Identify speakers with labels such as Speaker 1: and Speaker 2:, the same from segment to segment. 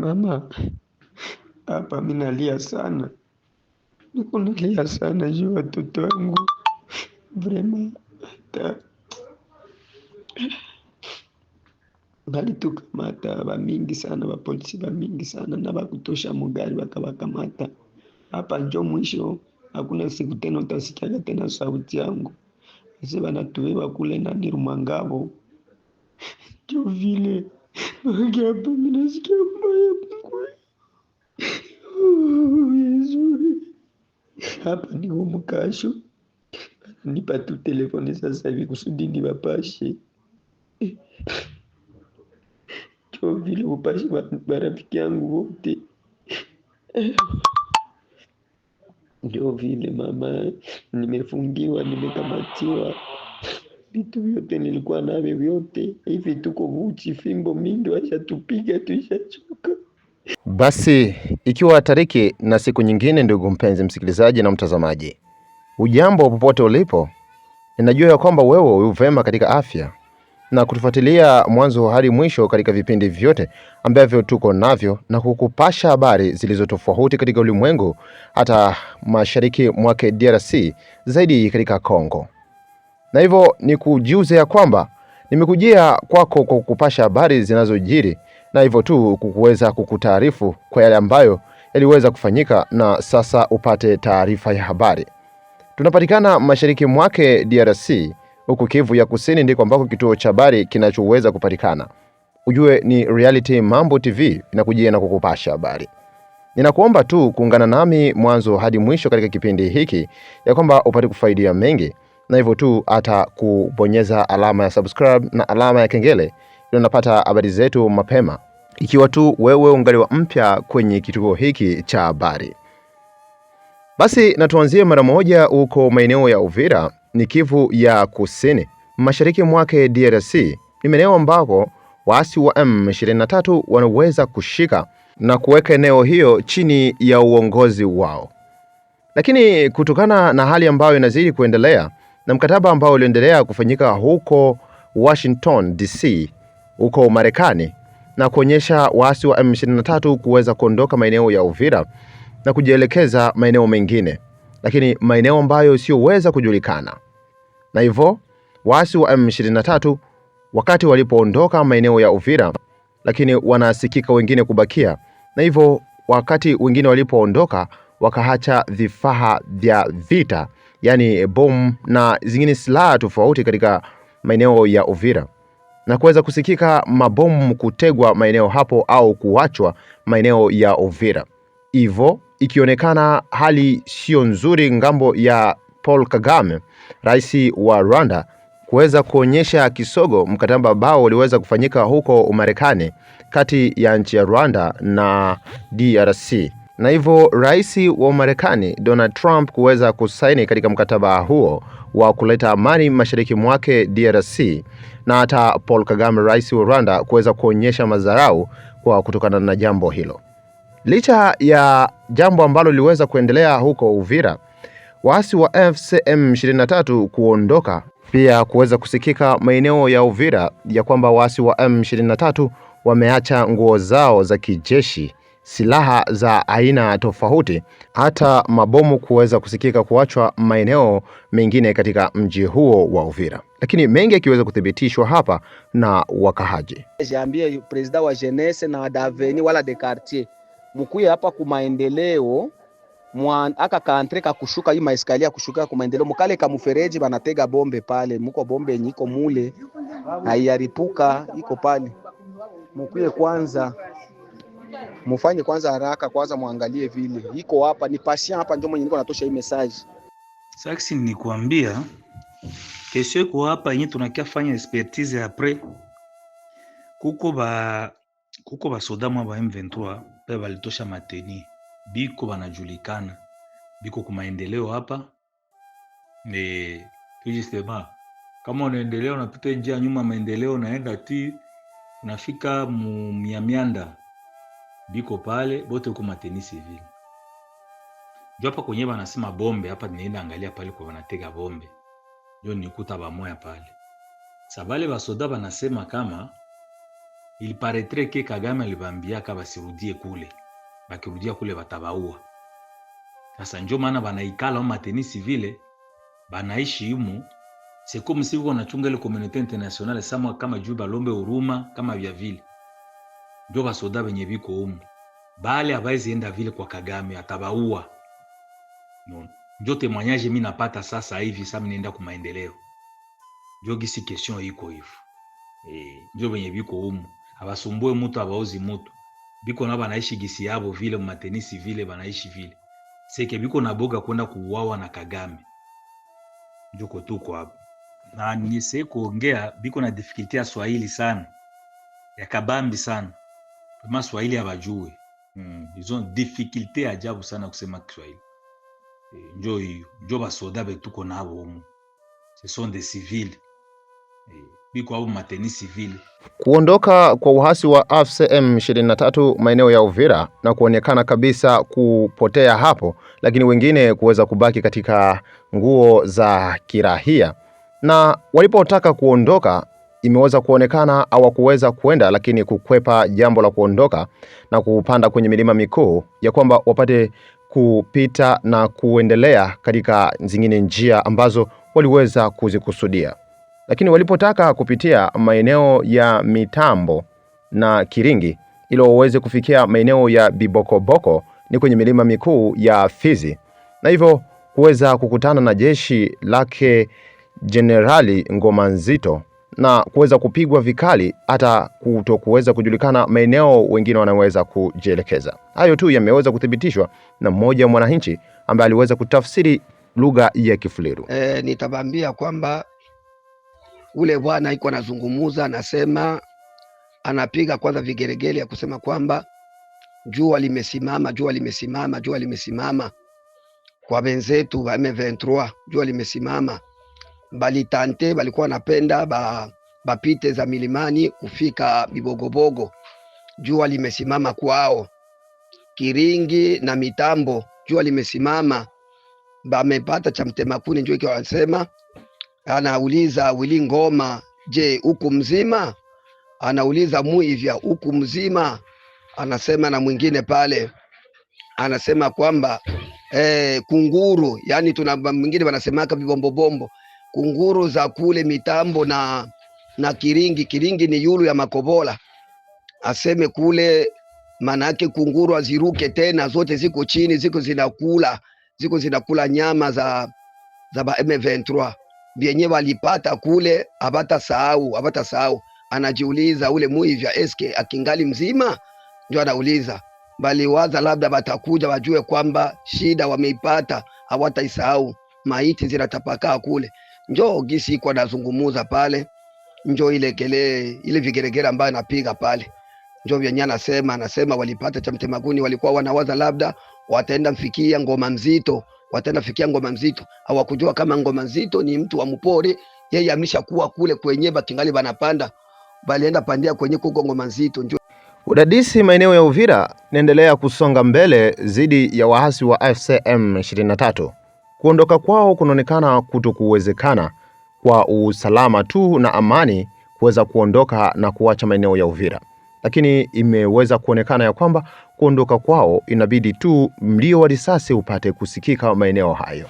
Speaker 1: Mama, hapa mimi nalia sana, niko nalia sana juu watoto wangu vrema ta balitukamata bamingi sana, bapolisi bamingi sana na bakutosha mugari bakabakamata. Hapa njo mwisho, hakuna siku tena utasikiaga tena sauti yangu, ase banatubeba kule nani Rumangabo, njo vile Bak yapma Minacık yapma yapma. Oh, Yesu. Hapa niko mkasho, nipa tu telefone sasa hivi kusudi niwapashe cho vile upashe barafiki yangu wote. Ndio vile mama, nimefungiwa, nimekamatiwa vitu vyote nilikuwa navyo vyote. Hivi tuko vuchi fimbo mindo, acha tupiga, tuishachoka.
Speaker 2: Basi ikiwa tariki na siku nyingine, ndugu mpenzi msikilizaji na mtazamaji, ujambo popote ulipo, ninajua ya kwamba wewe uvema katika afya na kutufuatilia mwanzo hadi mwisho katika vipindi vyote ambavyo tuko navyo na kukupasha habari zilizo tofauti katika ulimwengu, hata mashariki mwake DRC, zaidi katika Kongo na hivyo ni kujiuze ya kwamba nimekujia kwako kwa kukupasha habari zinazojiri na hivyo tu kukuweza kukutaarifu kwa yale ambayo yaliweza kufanyika, na sasa upate taarifa ya habari. Tunapatikana mashariki mwake DRC, huku Kivu ya Kusini ndiko ambako kituo cha habari kinachoweza kupatikana. Ujue ni Reality Mambo TV inakujia na kukupasha habari. Ninakuomba tu kuungana nami mwanzo hadi mwisho katika kipindi hiki, ya kwamba upate kufaidia mengi na hivyo tu hata kubonyeza alama ya subscribe na alama ya kengele ili unapata habari zetu mapema, ikiwa tu wewe ungaliwa mpya kwenye kituo hiki cha habari. Basi na tuanzie mara moja huko maeneo ya Uvira ni Kivu ya Kusini, mashariki mwake DRC. Ni maeneo ambapo waasi wa M23 wanaweza kushika na kuweka eneo hiyo chini ya uongozi wao, lakini kutokana na hali ambayo inazidi kuendelea na mkataba ambao uliendelea kufanyika huko Washington DC, huko Marekani, na kuonyesha waasi wa M23 kuweza kuondoka maeneo ya Uvira na kujielekeza maeneo mengine, lakini maeneo ambayo isiyoweza kujulikana, na hivyo waasi wa M23 wakati walipoondoka maeneo ya Uvira, lakini wanasikika wengine kubakia, na hivyo wakati wengine walipoondoka wakaacha vifaa vya vita yani eh, bomu na zingine silaha tofauti katika maeneo ya Uvira na kuweza kusikika mabomu kutegwa maeneo hapo au kuachwa maeneo ya Uvira, hivyo ikionekana hali siyo nzuri ngambo ya Paul Kagame, rais wa Rwanda, kuweza kuonyesha kisogo mkataba ambao uliweza kufanyika huko marekani kati ya nchi ya Rwanda na DRC na hivyo rais wa Marekani Donald Trump kuweza kusaini katika mkataba huo wa kuleta amani mashariki mwake DRC, na hata Paul Kagame rais wa Rwanda kuweza kuonyesha madharau kwa kutokana na jambo hilo. Licha ya jambo ambalo liliweza kuendelea huko Uvira, waasi wa FCM 23 kuondoka pia kuweza kusikika maeneo ya Uvira ya kwamba waasi wa M23 wameacha nguo zao za kijeshi silaha za aina tofauti, hata mabomu kuweza kusikika kuachwa maeneo mengine katika mji huo wa Uvira, lakini mengi akiweza kuthibitishwa hapa na wakahaji.
Speaker 3: Jiambie presida wa jeunesse na daveni wala de quartier mkuye hapa kumaendeleo aka kaantre ka kushuka hii maiskali ya kushuka kwa maendeleo, mkale ka mfereji banatega bombe pale, mko bombe nyiko mule iaripuka iko pale, mkuye kwanza mufanye kwanza haraka kwanza, muangalie vile iko hapa, ni patient hapa, ndio mwenye niko natosha hii message
Speaker 4: saksi. Nikuambia kesho iko hapa yenye tunakia fanya expertise apres, kuko ba kuko ba soda mwa ba M23 pe balitosha mateni biko banajulikana biko ku maendeleo hapa ne tujisema kama unaendelea unapita njia nyuma maendeleo, naenda ti unafika mu miamianda biko pale bote huko mateni civil jo hapa kwenye banasema bombe hapa, ninaenda angalia pale kwa banatega bombe jo nikuta bamoya pale sabale basoda banasema kama il paraîtrait que Kagame alibambia ka basirudie kule, bakirudia kule batabaua. Sasa njo maana banaikala mateni civile banaishi humo sekomsiviko nachunga ile communauté internationale sama kama juu balombe uruma kama vya vile njo basoda benye biko umu bale abaezi enda vile kwa Kagame atabaua. Njo temwanyaje mimi napata sasa hivi, sasa mimi naenda maendeleo, njo gisi question iko hivi eh, njo benye biko umu abasumbue mutu abauzi mutu biko na banaishi gisi yabo vile matenisi vile banaishi vile seke biko na boga kwenda kuuawa na Kagame, njuko tuko hapo na nisee kuongea biko na difikulti ya Swahili sana ya kabambi sana Swahili hawajui mm. Izo difficulty ajabu sana kusema Kiswahili e, njo hiyo njo basoda betuko nabo ce sont des civils
Speaker 2: Kuondoka kwa uhasi wa AFCM 23 maeneo ya Uvira na kuonekana kabisa kupotea hapo, lakini wengine kuweza kubaki katika nguo za kirahia na walipotaka kuondoka imeweza kuonekana kuweza kuenda, lakini kukwepa jambo la kuondoka na kupanda kwenye milima mikuu ya kwamba wapate kupita na kuendelea katika zingine njia ambazo waliweza kuzikusudia, lakini walipotaka kupitia maeneo ya Mitambo na Kiringi ili waweze kufikia maeneo ya Bibokoboko ni kwenye milima mikuu ya Fizi, na hivyo kuweza kukutana na jeshi lake Jenerali Ngoma Nzito na kuweza kupigwa vikali hata kutokuweza kujulikana maeneo wengine wanaweza kujielekeza. Hayo tu yameweza kuthibitishwa na mmoja wa mwananchi ambaye aliweza kutafsiri lugha ya Kifuliru.
Speaker 5: E, nitabambia kwamba ule bwana iko anazungumuza, anasema anapiga kwanza vigeregele ya kusema kwamba jua limesimama, jua limesimama, jua limesimama kwa wenzetu wa M23, jua limesimama balitante balikuwa napenda ba, bapite za milimani kufika Bibogobogo, jua limesimama kwao. Kiringi na mitambo, jua limesimama, bamepata cha mtemakuni, njoo ikiwa Anauliza wili ngoma, je, huku mzima? Anauliza muivya, huku mzima? Anasema na mwingine pale anasema kwamba eh, kunguru, yani tuna mwingine wanasemaka vibombobombo kunguru za kule mitambo na na kiringi. Kiringi ni yulu ya makobola aseme kule, manake kunguru aziruke tena, zote ziko chini, ziko zinakula, ziko zinakula nyama za za ba M23 vyenye walipata kule, abata sahau, abata sahau. Anajiuliza ule muivya eske akingali mzima, ndio anauliza baliwaza labda batakuja wajue kwamba shida wameipata, hawataisahau. Maiti zinatapakaa kule. Njoo gisi iko anazungumuza pale, njoo ile kele ile vigeregere ambayo anapiga pale, njoo vyenye anasema anasema walipata cha mtemaguni, walikuwa wanawaza labda wataenda mfikia ngoma mzito, wataenda fikia ngoma mzito. Hawakujua kama ngoma mzito ni mtu wa mpori, yeye ameshakuwa kule kwenye bakingali banapanda, balienda pandia kwenye kuko ngoma mzito Njoo
Speaker 2: Udadisi maeneo ya Uvira naendelea kusonga mbele dhidi ya waasi wa FCM 23. Kuondoka kwao kunaonekana kutokuwezekana kwa usalama tu na amani kuweza kuondoka na kuacha maeneo ya Uvira, lakini imeweza kuonekana ya kwamba kuondoka kwao inabidi tu mlio wa risasi upate kusikika maeneo hayo.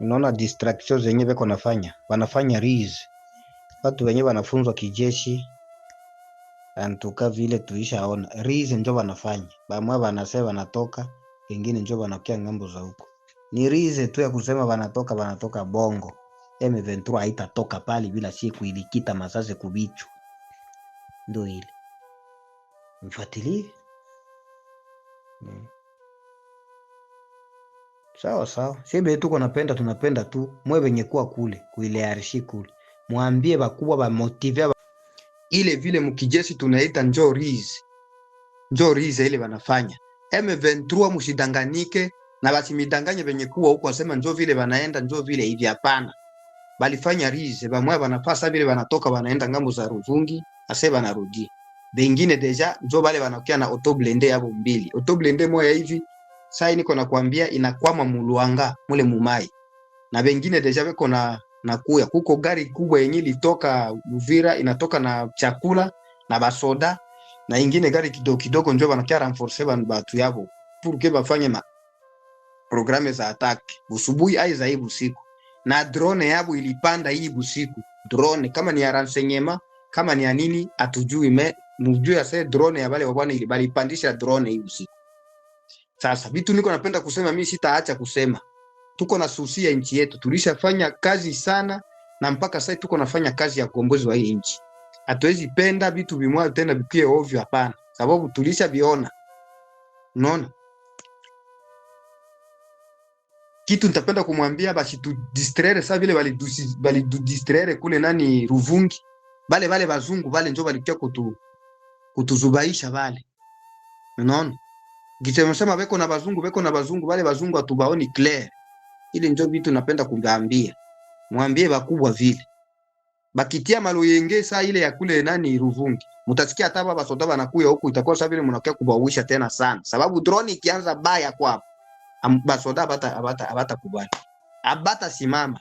Speaker 6: Unaona distraction zenye beko nafanya wanafanya riz watu wenye wanafunzwa kijeshi antuka vile tuishaona riz njo wanafanya bamwa banasema wanatoka, wengine njo wanakia ngambo za huko ni rize tu ya kusema wanatoka wanatoka Bongo. M23 haitatoka pale bila sie kuilikita masase kubichu, ndo ile mfuatilie hmm. Sawa sawa, sie tuko napenda tunapenda tu mwe venye kuwa kule kuilearishi kule, mwambie bakubwa bamotive ba... ile vile mkijeshi tunaita njo rize, njo rize ile wanafanya M23, msidanganike na basimidanganye benye kuwa huko wasema njoo vile wanaenda njoo vile hivi, hapana. Balifanya rize bamwe wanapasa vile wanatoka wanaenda ngambo za Ruvungi ase wanarudi bengine deja njo bale wanakia na otoblende yabo mbili otoblende moya hivi sai niko nakwambia inakwama muluanga mule mumai na bengine deja weko na nakuya kuko gari kubwa yenye litoka Uvira inatoka na chakula na basoda na ingine gari kidogo kidogo njo wanakia renforcer banu batu yabo pour bafanye ma programu za attack busubuhi ai za hii busiku, na drone yabo ilipanda hii busiku. Drone kama ni ya renseignement kama ni ya nini atujui, me mujui ase drone ya bale wabwana ile bali pandisha drone hii busiku. Sasa vitu niko napenda kusema, mimi sitaacha kusema, tuko na susia nchi yetu, tulishafanya kazi sana na mpaka sasa tuko nafanya kazi ya kuongozi wa hii nchi. Hatuwezi penda vitu vimwa tena vikie ovyo, hapana, sababu tulisha viona, unaona kitu nitapenda kumwambia basi tu distraire saa vile bali bali distraire kule nani Ruvungi, bale bale bazungu bale njo balikia kutu kutuzubaisha bale, unaona gisema beko na bazungu beko na bazungu bale bazungu atubaoni clear. Ile njo vitu napenda kumwambia, mwambie bakubwa vile bakitia maloyenge saa ile ya kule nani Ruvungi, mutasikia hata baba soda banakuya huku, itakuwa saa vile mnakuya kubawisha tena sana, sababu drone ikianza baya kwapo basoda abata abata abata kubali abata simama.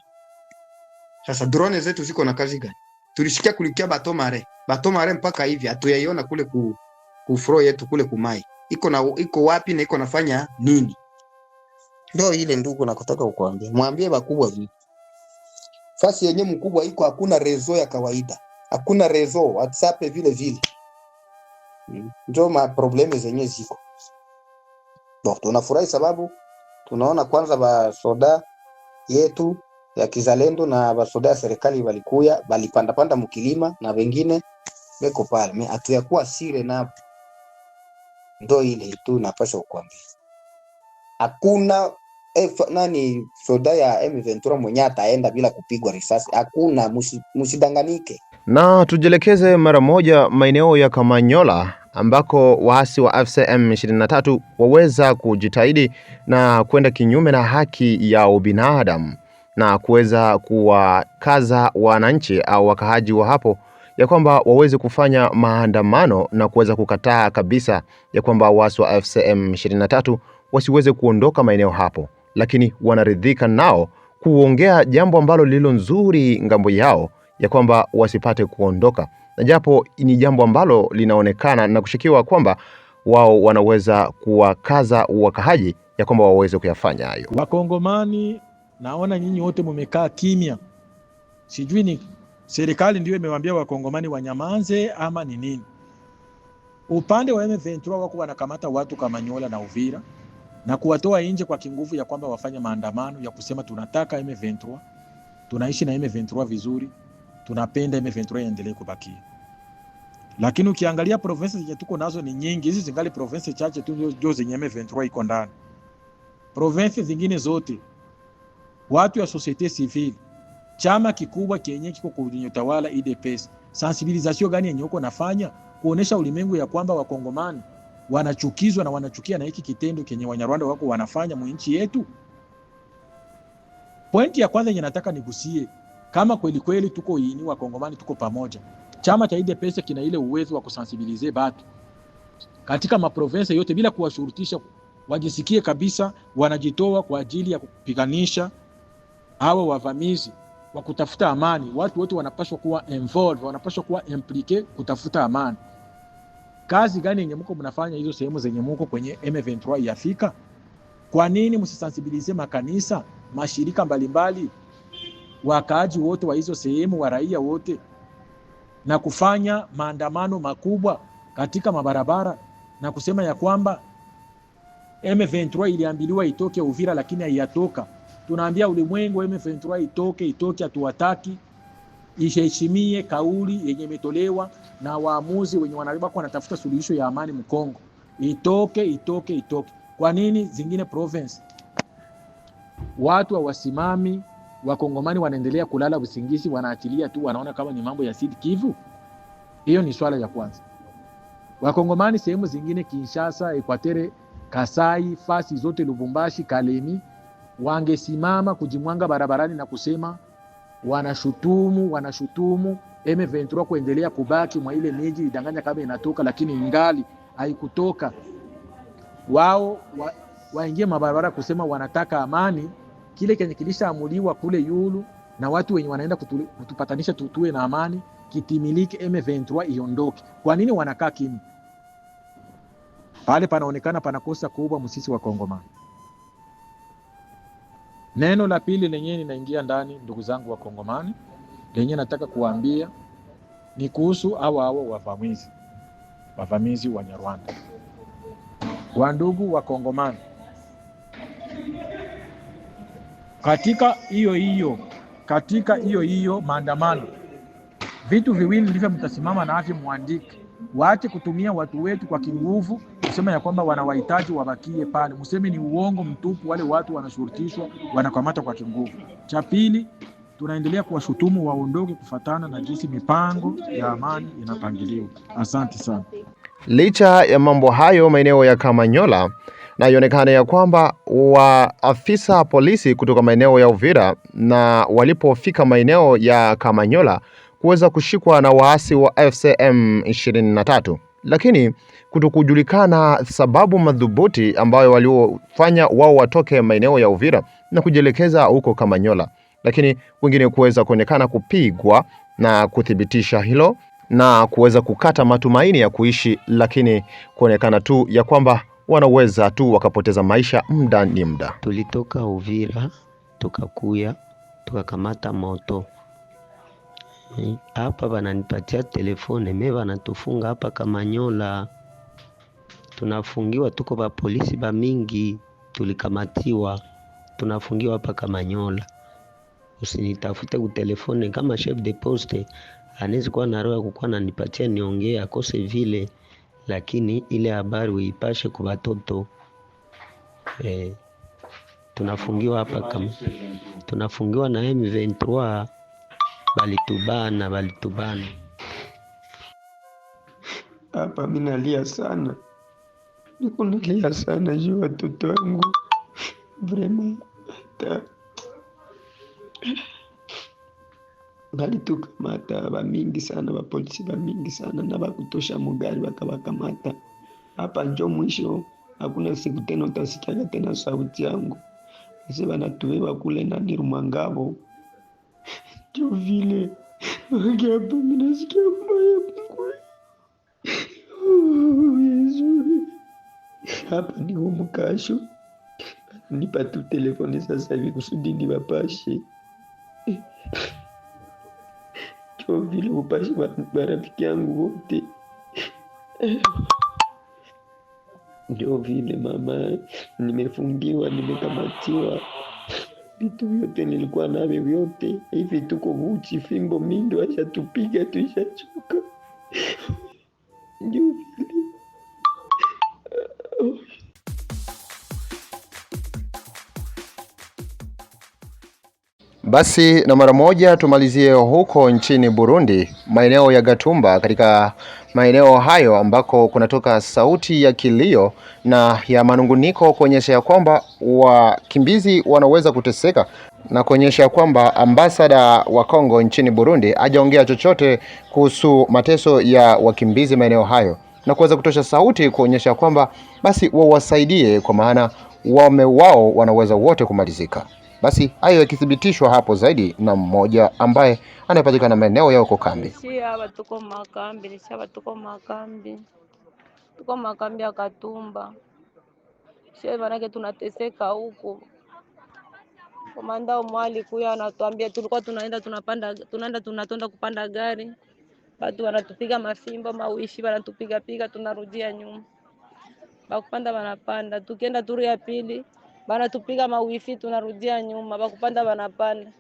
Speaker 6: Sasa drone zetu ziko na kazi gani? Tulisikia kulikia bato mare bato mare mpaka hivi atuyaiona kule ku, ku fro yetu kule kumai iko na iko wapi na iko nafanya nini? Ndio ile ndugu nakotaka kukwambia, mwambie bakubwa vipi fasi yenye mkubwa iko, hakuna rezo ya kawaida, hakuna rezo WhatsApp vile vile, hmm. ndio ma probleme zenye ziko. Bon, Tunafurahi sababu tunaona kwanza basoda yetu ya kizalendo na basoda ya serikali balikuya balipandapanda mukilima na wengine beko pale me atuyakuwa sire napo, ndo ile tu napasha kukwambia hakuna eh, nani soda ya M23 mwenye ataenda bila kupigwa risasi hakuna, musidanganike.
Speaker 2: Na tujielekeze mara moja maeneo ya Kamanyola ambako waasi wa AFC M23 waweza kujitahidi na kwenda kinyume na haki ya ubinadamu na kuweza kuwakaza wananchi au wakahaji wa hapo ya kwamba waweze kufanya maandamano na kuweza kukataa kabisa ya kwamba waasi wa AFC M23 wasiweze kuondoka maeneo hapo, lakini wanaridhika nao kuongea jambo ambalo lililo nzuri ngambo yao ya kwamba wasipate kuondoka na japo ni jambo ambalo linaonekana na kushikiwa kwamba wao wanaweza kuwakaza wakahaji ya kwamba waweze kuyafanya hayo.
Speaker 7: Wakongomani, naona nyinyi wote mumekaa kimya, sijui ni serikali ndio imewaambia wakongomani wanyamanze ama ni nini. Upande wa M23 wako wanakamata watu kama nyola na Uvira na kuwatoa nje kwa kinguvu ya kwamba wafanye maandamano ya kusema tunataka M23, tunaishi na M23 vizuri tunapenda M23 iendelee kubaki. Lakini ukiangalia province zenye tuko nazo ni nyingi, hizi zingali province chache tu ndio zenye M23 iko ndani. Province zingine zote watu wa societe civile, chama kikubwa kienye kiko kwenye utawala UDPS, sensibilisation gani yenye uko nafanya kuonesha ulimwengu ya kwamba wakongomani wanachukizwa na wanachukia na hiki kitendo kenye Wanyarwanda wako wanafanya mwinchi yetu. Pointi ya kwanza yenye nataka nigusie kama kweli kweli tuko ini wa Kongomani, tuko pamoja, chama cha UDPS kina ile uwezo wa kusensibilize batu katika maprovensa yote bila kuwashurutisha, wajisikie kabisa wanajitoa kwa ajili ya kupiganisha hawa wavamizi wa kutafuta amani. Watu wote wanapaswa kuwa involved, wanapaswa kuwa implique kutafuta amani. Kazi gani yenye mko mnafanya hizo sehemu zenye mko kwenye M23 yafika? Kwa nini msisensibilize makanisa, mashirika mbalimbali mbali? wakaaji wote wa hizo sehemu, wa raia wote, na kufanya maandamano makubwa katika mabarabara na kusema ya kwamba M23 iliambiliwa itoke Uvira, lakini haiyatoka. Tunaambia ulimwengu M23 itoke, itoke, hatuwataki. Iheshimie kauli yenye imetolewa na waamuzi wenye wanabaki natafuta suluhisho ya amani Mkongo. Itoke, itoke, itoke. Kwa nini zingine province watu hawasimami Wakongomani wanaendelea kulala usingizi, wanaachilia tu, wanaona kama ni mambo ya Sud Kivu. Hiyo ni swala ya kwanza. Wakongomani sehemu zingine, Kinshasa, Ekwatere, Kasai, fasi zote, Lubumbashi, Kalemi, wangesimama kujimwanga barabarani na kusema wanashutumu, wanashutumu M23 kuendelea kubaki mwa ile miji idanganya kama inatoka, lakini ingali haikutoka. Wao waingie mabarabara kusema wanataka amani kile kenye kilishaamuliwa kule yulu na watu wenye wanaenda kutu, kutupatanisha tutue na amani kitimilike, M23 iondoke. Kwa nini wanakaa kimya? Pale panaonekana panakosa kubwa msisi wa Kongomani. Neno la pili lenyewe ninaingia ndani, ndugu zangu wa Kongomani, lenyewe nataka kuambia ni kuhusu hawa hawa wavamizi, wavamizi wa Nyarwanda. Wandugu wa Kongomani Katika hiyo hiyo katika hiyo hiyo maandamano, vitu viwili ndivyo mtasimama na mwandike muandike, waache kutumia watu wetu kwa kinguvu kusema ya kwamba wanawahitaji wabakie pale. Mseme ni uongo mtupu, wale watu wanashurutishwa, wanakamata kwa kinguvu. Cha pili, tunaendelea kuwashutumu waondoke kufatana na jinsi mipango ya amani inapangiliwa. Asante sana.
Speaker 2: Licha ya mambo hayo, maeneo ya Kamanyola na ionekane ya kwamba waafisa polisi kutoka maeneo ya Uvira na walipofika maeneo ya Kamanyola kuweza kushikwa na waasi wa FCM 23 lakini kutokujulikana sababu madhubuti ambayo waliofanya wao watoke maeneo ya Uvira na kujielekeza huko Kamanyola, lakini wengine kuweza kuonekana kupigwa na kuthibitisha hilo na kuweza kukata matumaini ya kuishi, lakini kuonekana tu ya kwamba wanaweza tu wakapoteza maisha. Muda ni muda.
Speaker 8: Tulitoka Uvira tukakuya tukakamata moto eh, hapa, bananipatia telefone me wanatufunga hapa Kamanyola, tunafungiwa tuko polisi ba mingi, tulikamatiwa tunafungiwa hapa Kamanyola. Usinitafute kutelefone kama chef de poste anawezi kuwa na roho ya kukuwa nanipatia niongee akose vile lakini ile habari uipashe kwa watoto eh, tunafungiwa hapa kama tunafungiwa na M23, balitubana balitubana
Speaker 1: hapa. Minalia sana, niko nalia sana juu watoto wangu vraiment balituka mata bamingi sana bapolisi bamingi sana na bakutosha mugari bakabakamata. Hapa njo mwisho, hakuna siku tena utasikiaga tena sauti yangu ase banatubeba kule nani Rumangabo njo vile hapa minasikia mbaya mkwe oh, hapa ni umukasho nipa tu telefoni sasa hivi kusudi nibapashe kwa vile kupasha marafiki yangu wote ndio vile mama, nimefungiwa, nimekamatiwa, vitu vyote nilikuwa navyo vyote. Hivi tuko uchi, fimbo mindo, washatupiga, tuishachoka ndio
Speaker 2: Basi na mara moja tumalizie huko nchini Burundi, maeneo ya Gatumba. Katika maeneo hayo ambako kunatoka sauti ya kilio na ya manunguniko kuonyesha ya kwamba wakimbizi wanaweza kuteseka na kuonyesha kwamba ambasada wa Kongo nchini Burundi hajaongea chochote kuhusu mateso ya wakimbizi maeneo hayo na kuweza kutosha sauti kuonyesha kwamba basi wawasaidie, kwa maana wame wao wanaweza wote kumalizika. Basi hayo yakithibitishwa hapo zaidi na mmoja ambaye anayepatikana maeneo ya huko kambi.
Speaker 9: Si hapa tuko makambi, ni hapa tuko makambi. Tuko makambi akatumba. Sio manake tunateseka huku Komanda mwali kuya anatuambia tulikuwa tunaenda tunapanda tunaenda tunatonda kupanda gari. Watu wanatupiga mafimbo mawishi, wanatupiga piga, tunarudia nyuma. Bakupanda wanapanda, tukienda turu ya pili bana tupiga mawifi tunarudia nyuma, bakupanda banapanda.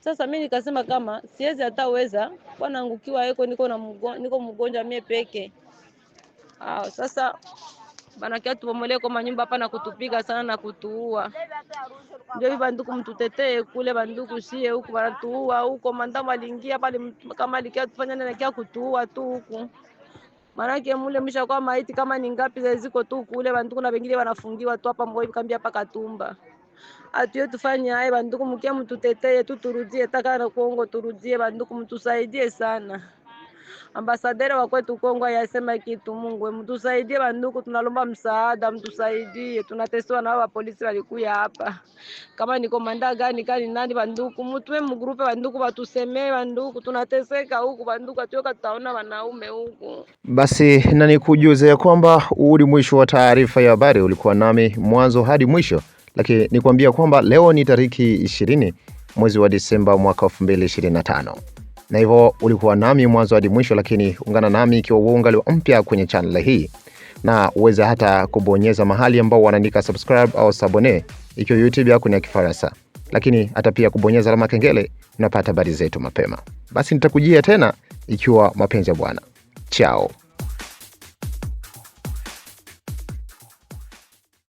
Speaker 9: Sasa mimi nikasema kama siwezi hata uweza bwanaangukiwa eko, niko na mgonjwa, niko mgonjwa mie peke. Ah, sasa banakia tubomole kwa manyumba hapa na kutupiga sana na kutuua. Ndio hivi banduku, mtutetee kule banduku, sie huku banatuua huko, mandamu aliingia pale kama alikia tufanya nani kia kutuua tu huko. Maanake mule mshakuwa maiti kama ni ngapi za ziko tu kule bantuku na bengine wanafungiwa tu hapa mboi kambia paka tumba. Atuye tufanye haya banduku, mkia mtuteteye tu turudie, taka kuongo turudie banduku, mtusaidie sana ambasaderi wa kwetu Kongo ayasema kitu. Mungu mtusaidie, banduku, tunalomba msaada, mtusaidie, tunatesewa na wapolisi walikuya hapa, kama ni komanda gani kani nani, banduku mutue mgrupe, banduku batusemee, banduku tunateseka huku, banduku atuoka, tutaona wanaume huku.
Speaker 2: Basi na nikujuze ya kwamba huu ni mwisho wa taarifa ya habari, ulikuwa nami mwanzo hadi mwisho, lakini nikwambia kwamba leo ni tariki ishirini mwezi wa Disemba mwaka 2025 na hivyo ulikuwa nami mwanzo hadi mwisho, lakini ungana nami ikiwa uungaliwa mpya kwenye channel hii, na uweze hata kubonyeza mahali ambao wanaandika subscribe au sabone ikiwa YouTube yako ni ya Kifaransa, lakini hata pia kubonyeza alama kengele, unapata habari zetu mapema. Basi nitakujia tena ikiwa mapenzi ya Bwana. Chao.